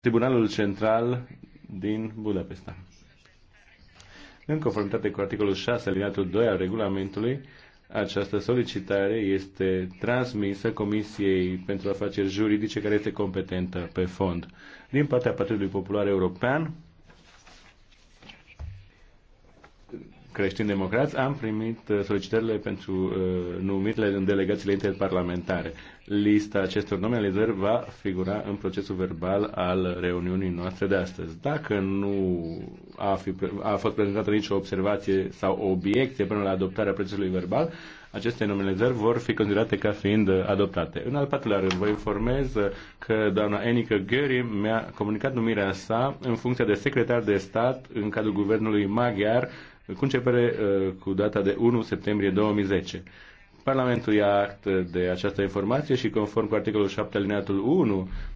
Tribunalul Central din Budapesta. În conformitate cu articolul 6, alineatul 2 al regulamentului, această solicitare este transmisă Comisiei pentru Afaceri Juridice, care este competentă pe fond. Din partea Partidului Popular European, creștini-democrați, am primit uh, solicitările pentru uh, numirile în delegațiile interparlamentare. Lista acestor nominalizări va figura în procesul verbal al reuniunii noastre de astăzi. Dacă nu a, fi, a fost prezentată nicio observație sau obiecție până la adoptarea procesului verbal, aceste nominalizări vor fi considerate ca fiind adoptate. În al patrulea rând, vă informez că doamna Enica Gheri mi-a comunicat numirea sa în funcția de secretar de stat în cadrul guvernului maghiar cu începere uh, cu data de 1 septembrie 2010. Parlamentul ia act de această informație și conform cu articolul 7 alineatul 1